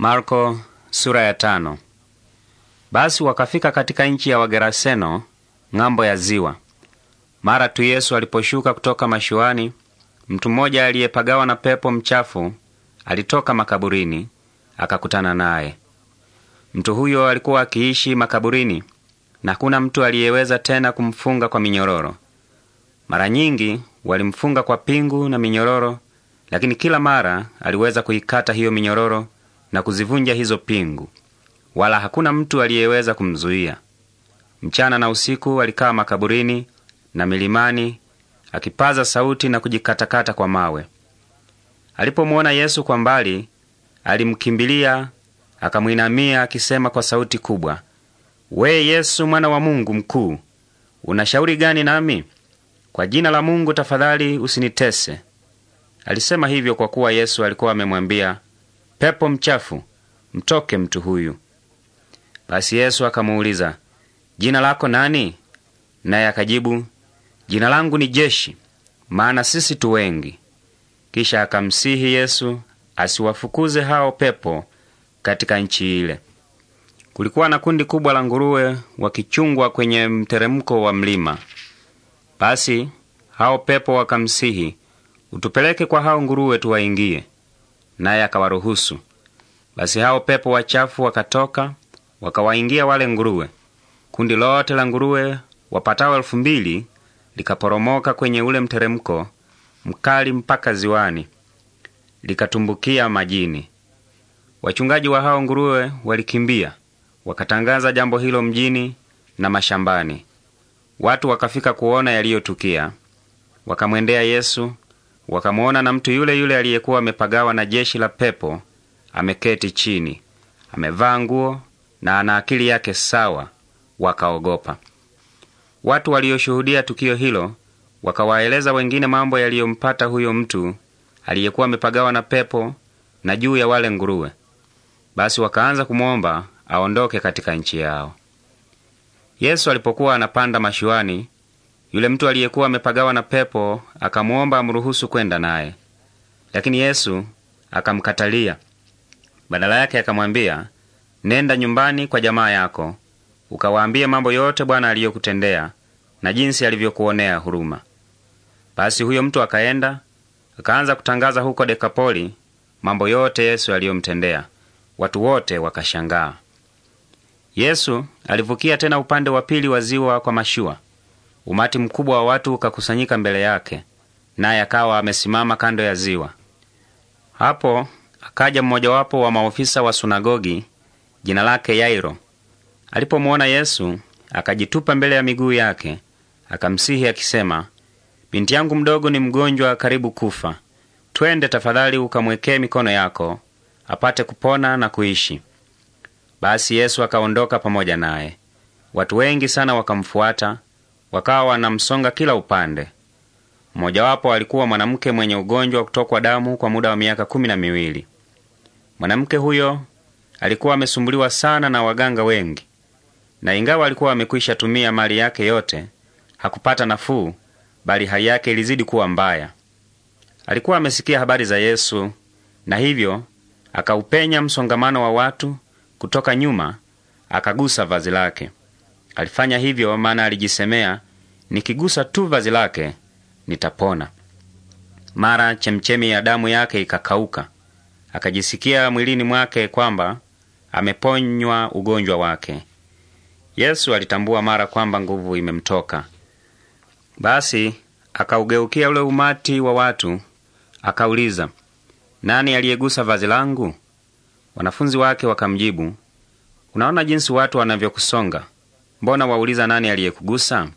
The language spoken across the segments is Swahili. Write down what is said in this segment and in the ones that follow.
Marko sura ya tano. Basi wakafika katika nchi ya Wageraseno ng'ambo ya ziwa. Mara tu Yesu aliposhuka kutoka mashuani, mtu mmoja aliyepagawa na pepo mchafu alitoka makaburini akakutana naye. Mtu huyo alikuwa akiishi makaburini na kuna mtu aliyeweza tena kumfunga kwa minyororo. Mara nyingi walimfunga kwa pingu na minyororo, lakini kila mara aliweza kuikata hiyo minyororo na kuzivunja hizo pingu, wala hakuna mtu aliyeweza kumzuia. Mchana na usiku alikaa makaburini na milimani, akipaza sauti na kujikatakata kwa mawe. Alipomwona Yesu kwa mbali, alimkimbilia akamwinamia, akisema kwa sauti kubwa, we Yesu, mwana wa Mungu mkuu, unashauri gani nami? Kwa jina la Mungu tafadhali usinitese. Alisema hivyo kwa kuwa Yesu alikuwa amemwambia pepo mchafu, mtoke mtu huyu. Basi Yesu akamuuliza, jina lako nani? Naye akajibu, jina langu ni Jeshi, maana sisi tu wengi. Kisha akamsihi Yesu asiwafukuze hao pepo katika nchi ile. Kulikuwa na kundi kubwa la nguruwe wakichungwa kwenye mteremko wa mlima. Basi hao pepo wakamsihi, utupeleke kwa hao nguruwe tuwaingie naye akawaruhusu. Basi hao pepo wachafu wakatoka wakawaingia wale nguruwe. Kundi lote la nguruwe wapatao elfu mbili likaporomoka kwenye ule mteremko mkali mpaka ziwani, likatumbukia majini. Wachungaji wa hao nguruwe walikimbia wakatangaza jambo hilo mjini na mashambani. Watu wakafika kuona yaliyotukia, wakamwendea Yesu wakamwona na mtu yule yule aliyekuwa amepagawa na jeshi la pepo ameketi chini, amevaa nguo na ana akili yake sawa, wakaogopa. Watu walioshuhudia tukio hilo wakawaeleza wengine mambo yaliyompata huyo mtu aliyekuwa amepagawa na pepo na juu ya wale nguruwe. Basi wakaanza kumwomba aondoke katika nchi yao. Yesu alipokuwa anapanda mashuani, yule mtu aliyekuwa amepagawa na pepo akamwomba amruhusu kwenda naye, lakini Yesu akamkatalia. Badala yake akamwambia, nenda nyumbani kwa jamaa yako ukawaambie mambo yote Bwana aliyokutendea na jinsi alivyokuonea huruma. Basi huyo mtu akaenda akaanza kutangaza huko Dekapoli mambo yote Yesu aliyomtendea. Watu wote wakashangaa. Yesu alivukia tena upande wa pili wa ziwa kwa mashua. Umati mkubwa wa watu ukakusanyika mbele yake, naye akawa amesimama kando ya ziwa. Hapo akaja mmojawapo wa maofisa wa sunagogi, jina lake Yairo. Alipomwona Yesu akajitupa mbele ya miguu yake, akamsihi akisema, binti yangu mdogo ni mgonjwa, karibu kufa. Twende tafadhali ukamwekee mikono yako apate kupona na kuishi. Basi Yesu akaondoka pamoja naye. Watu wengi sana wakamfuata, wakawa wanamsonga kila upande. Mmojawapo alikuwa mwanamke mwenye ugonjwa wa kutokwa damu kwa muda wa miaka kumi na miwili. Mwanamke huyo alikuwa amesumbuliwa sana na waganga wengi, na ingawa alikuwa amekwisha tumia mali yake yote, hakupata nafuu, bali hali yake ilizidi kuwa mbaya. Alikuwa amesikia habari za Yesu na hivyo akaupenya msongamano wa watu kutoka nyuma, akagusa vazi lake. Alifanya hivyo maana alijisemea, nikigusa tu vazi lake nitapona. Mara chemchemi ya damu yake ikakauka, akajisikia mwilini mwake kwamba ameponywa ugonjwa wake. Yesu alitambua mara kwamba nguvu imemtoka. Basi akaugeukia ule umati wa watu akauliza, nani aliyegusa vazi langu? Wanafunzi wake wakamjibu, unaona jinsi watu wanavyokusonga, mbona wauliza nani aliyekugusa?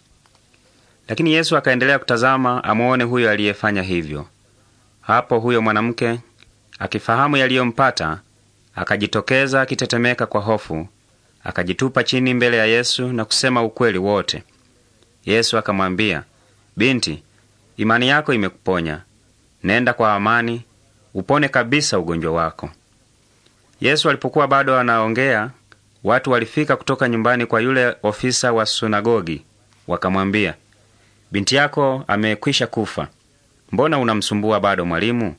Lakini Yesu akaendelea kutazama amwone huyo aliyefanya hivyo. Hapo huyo mwanamke akifahamu yaliyompata, akajitokeza akitetemeka kwa hofu, akajitupa chini mbele ya Yesu na kusema ukweli wote. Yesu akamwambia, binti, imani yako imekuponya, nenda kwa amani, upone kabisa ugonjwa wako. Yesu alipokuwa bado anaongea Watu walifika kutoka nyumbani kwa yule ofisa wa sunagogi wakamwambia, binti yako amekwisha kufa, mbona unamsumbua bado mwalimu?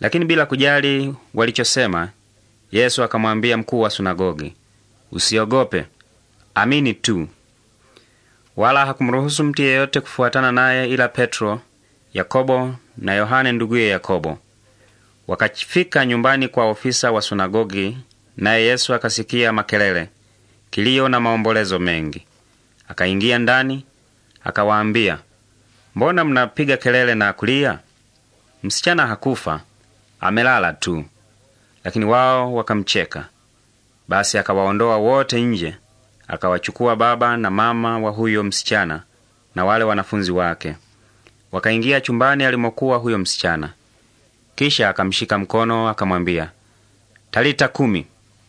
Lakini bila kujali walichosema, Yesu akamwambia mkuu wa sunagogi, usiogope, amini tu. Wala hakumruhusu mtu yeyote kufuatana naye ila Petro, Yakobo na Yohane nduguye Yakobo. Wakafika nyumbani kwa ofisa wa sunagogi Naye Yesu akasikia makelele, kilio na maombolezo mengi. Akaingia ndani, akawaambia, mbona mnapiga kelele na kulia? Msichana hakufa, amelala tu. Lakini wao wakamcheka. Basi akawaondoa wote nje, akawachukua baba na mama wa huyo msichana na wale wanafunzi wake, wakaingia chumbani alimokuwa huyo msichana. Kisha akamshika mkono akamwambia, Talita kumi,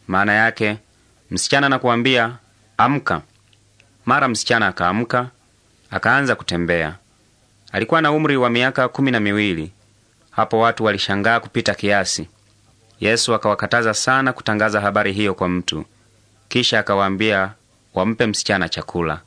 maana yake msichana anakuambia amka. Mara msichana akaamka akaanza kutembea. Alikuwa na umri wa miaka kumi na miwili. Hapo watu walishangaa kupita kiasi. Yesu akawakataza sana kutangaza habari hiyo kwa mtu, kisha akawaambia wampe msichana chakula.